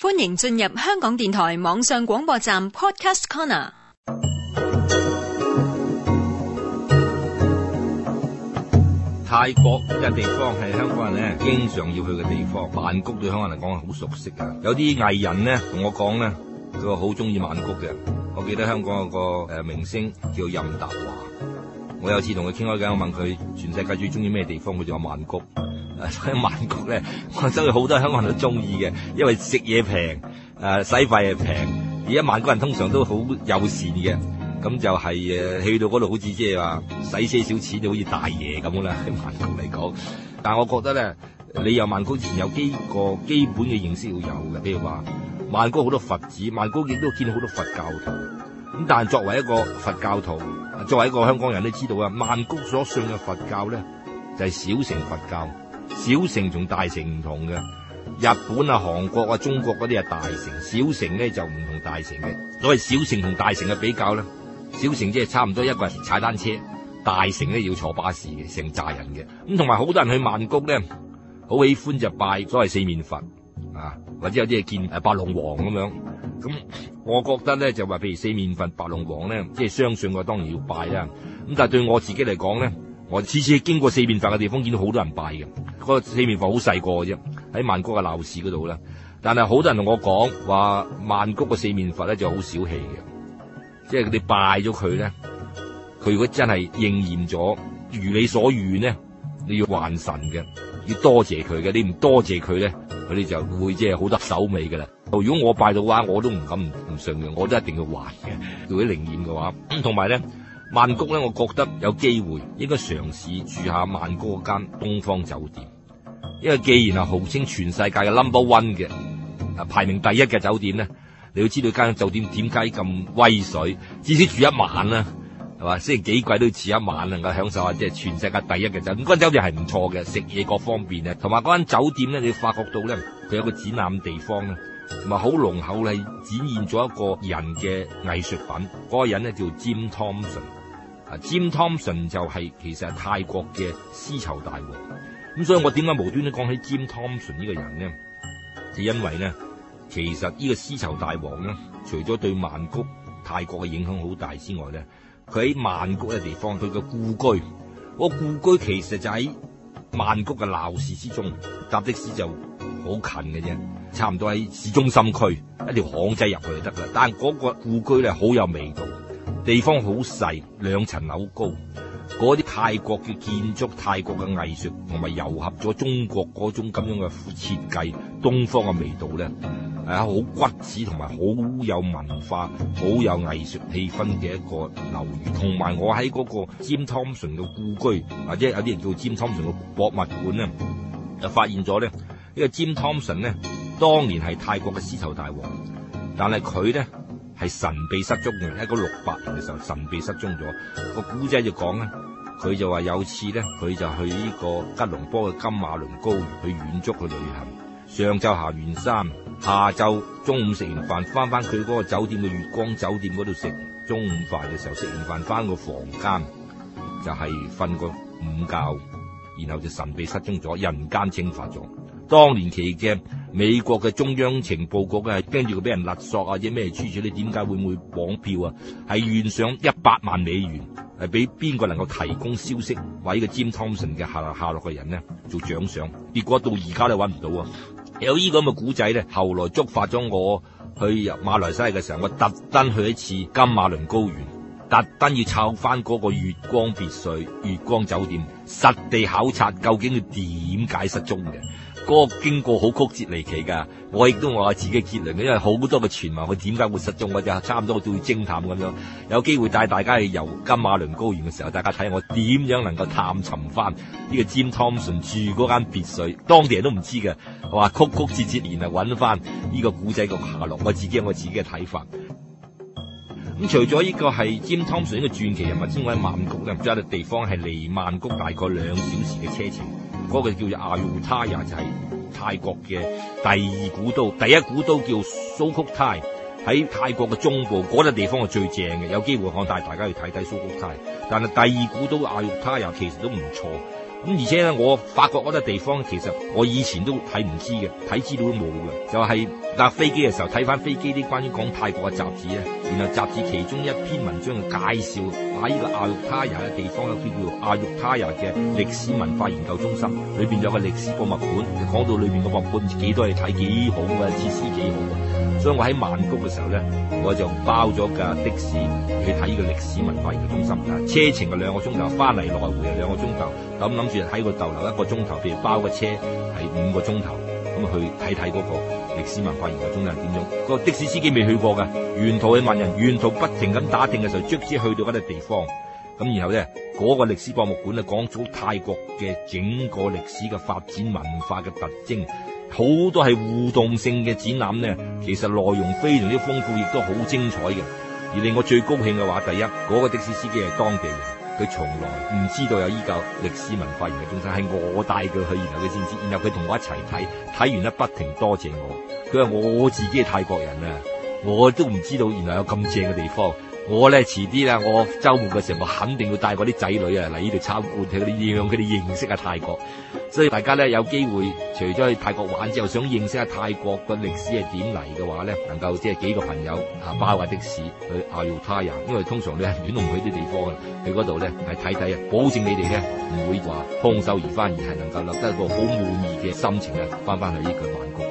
歡迎進入香港電台網上廣播站 Podcast Corner。泰國呢個地方係香港人咧，經常要去嘅地方。曼谷對香港人嚟講係好熟悉噶。有啲藝人咧同我講咧，佢話好中意曼谷嘅。我記得香港有個誒明星叫任達華，我有次同佢傾開偈，我問佢全世界最中意咩地方，佢就話曼谷。所以曼谷咧，我真係好多香港人都中意嘅，因為食嘢平，誒、啊，使費又平。而家曼谷人通常都好友善嘅，咁就係、是、誒去到嗰度，好似即係話使少少錢就好似大爺咁啦。喺曼谷嚟講，但係我覺得咧，你入曼谷前有幾個基本嘅認識要有嘅，譬如話曼谷好多佛寺，曼谷亦都見到好多佛教徒。咁但係作為一個佛教徒，作為一個香港人都知道啊，曼谷所信嘅佛教咧就係、是、小城佛教、小乘佛教。小城同大城唔同嘅，日本啊、韓國啊、中國嗰啲係大城，小城咧就唔同大城嘅。所以小城同大城嘅比較咧，小城即係差唔多一個人踩單車，大城咧要坐巴士嘅，成扎人嘅。咁同埋好多人去曼谷咧，好喜歡就拜所謂四面佛啊，或者有啲係見誒白龍王咁樣。咁我覺得咧就話，譬如四面佛、白龍王咧，即係相信我當然要拜啦。咁但係對我自己嚟講咧。我次次經過四面佛嘅地方，見到好多人拜嘅。嗰個四面佛好細個啫，喺曼谷嘅鬧市嗰度啦。但係好多人同我講話，說曼谷嘅四面佛咧就好小氣嘅，即係佢哋拜咗佢咧，佢如果真係應驗咗如你所願咧，你要還神嘅，要多謝佢嘅。你唔多謝佢咧，佢哋就會即係好得手尾嘅啦。如果我拜到嘅話，我都唔敢唔信嘅，我都一定要還嘅。如果靈驗嘅話，同埋咧。曼谷咧，我覺得有機會應該嘗試住下曼谷間東方酒店，因為既然係號稱全世界嘅 number one 嘅，啊排名第一嘅酒店咧，你要知道間酒店點解咁威水，至少住一晚啊，係嘛？雖然幾貴都要住一晚，能夠享受下即係全世界第一嘅酒店。咁間酒店係唔錯嘅，食嘢各方面啊，同埋嗰間酒店咧，你要發覺到咧，佢有個展覽地方咧，同埋好濃厚係展現咗一個人嘅藝術品。嗰、那個人咧叫 Jim Thompson。啊 Jim Thompson 就係其實係泰國嘅絲綢大王，咁所以我點解無端都講起 Jim Thompson 呢個人咧？就因為咧，其實呢個絲綢大王咧，除咗對曼谷泰國嘅影響好大之外咧，佢喺曼谷嘅地方，佢嘅故居，個故居其實就喺曼谷嘅鬧市之中，搭的士就好近嘅啫，差唔多喺市中心區，一條巷仔入去就得啦。但係嗰個故居咧，好有味道。地方好細，兩層樓高。嗰啲泰國嘅建築、泰國嘅藝術同埋糅合咗中國嗰種咁樣嘅設計，東方嘅味道咧，係一個好骨子同埋好有文化、好有藝術氣氛嘅一個樓宇。同埋我喺嗰個 Jim Thompson 嘅故居，或者有啲人叫 Jim Thompson 嘅博物館咧，就發現咗咧，呢個 Jim Thompson 咧，當年係泰國嘅絲綢大王，但係佢咧，係神秘失蹤嘅，喺嗰六百年嘅時候神秘失蹤咗，個古仔就講啊，佢就話有次咧，佢就去呢個吉隆坡嘅金馬倫高原去遠足去旅行，上晝下完山，下晝中午食完飯翻翻佢嗰個酒店嘅月光酒店嗰度食中午飯嘅時候食完飯翻個房間就係瞓個午覺，然後就神秘失蹤咗，人間蒸發咗，當年奇嘅。美國嘅中央情報局嘅，跟住佢俾人勒索啊，或者咩處處你點解會唔會綁票啊？係懸賞一百萬美元，係俾邊個能夠提供消息，話呢個 Jim Thompson 嘅下下落嘅人呢，做獎賞。結果到而家都揾唔到啊！有依咁嘅古仔咧，後來觸發咗我去入馬來西亞嘅時候，我特登去一次金馬倫高原，特登要抄翻嗰個月光別墅、月光酒店，實地考察究竟佢點解失蹤嘅。嗰個經過好曲折離奇噶，我亦都話自己嘅結論，因為好多嘅傳聞，佢點解會失蹤，我就差唔多都會偵探咁樣。有機會帶大家去遊金馬崙高原嘅時候，大家睇下我點樣能夠探尋翻，呢個 Jim Thompson 住嗰間別墅，當地人都唔知嘅，話曲曲折折然嚟，揾翻呢個古仔個下落。我自己有我自己嘅睇法。咁除咗呢個係 Jim Thompson 嘅個傳奇人物之外，曼谷咧，唔知有啲地方係離曼谷大概兩小時嘅車程。嗰、那個叫做阿育他耶，就係、是、泰國嘅第二古都，第一古都叫素可泰，喺泰國嘅中部嗰笪、那個、地方係最正嘅，有機會我帶大家去睇睇素可泰。但係第二古都的阿育他耶其實都唔錯，咁而且咧我發覺嗰笪地方其實我以前都睇唔知嘅，睇資料都冇嘅，就係、是、搭飛機嘅時候睇返飛機啲關於講泰國嘅雜誌咧，然後雜誌其中一篇文章嘅介紹。喺呢個阿育他耶嘅地方有個，叫做阿育他耶嘅歷史文化研究中心，裏邊有個歷史博物館，講到裏邊嘅博物館幾多嘢睇，幾好啊，設施幾好啊，所以我喺曼谷嘅時候咧，我就包咗架的士去睇呢個歷史文化研究中心。啊，車程係兩個鐘頭，翻嚟來回啊兩個鐘頭，咁諗住喺個逗留一個鐘頭，譬如包個車係五個鐘頭。咁去睇睇嗰個歷史文化，研究中間點樣？嗰個的士司機未去過㗎，沿途去問人，沿途不停咁打聽嘅時候，卒之去到嗰啲地方。咁然後咧，嗰、那個歷史博物館咧，講咗泰國嘅整個歷史嘅發展、文化嘅特徵，好多係互動性嘅展覽咧。其實內容非常之豐富，亦都好精彩嘅。而令我最高興嘅話，第一嗰、那個的士司機係當地人。佢從來唔知道有依個歷史文化園嘅中心，係我帶佢去，然後佢先知，然後佢同我一齊睇，睇完咧不停多謝我。佢話我自己係泰國人啊，我都唔知道原來有咁正嘅地方。我咧遲啲咧我周末嘅時候我肯定會帶啲仔女啊嚟呢度參觀睇佢哋，讓佢哋認識下泰國。所以大家咧有機會除咗去泰國玩之後，想認識下泰國嘅歷史係點嚟嘅話咧，能夠即係幾個朋友啊包個的士去 Ayutthaya，因為通常你係短途去啲地方，去嗰度咧係睇睇啊，保證你哋咧唔會話空手而返，而係能夠立得一個好滿意嘅心情啊，翻翻去呢個玩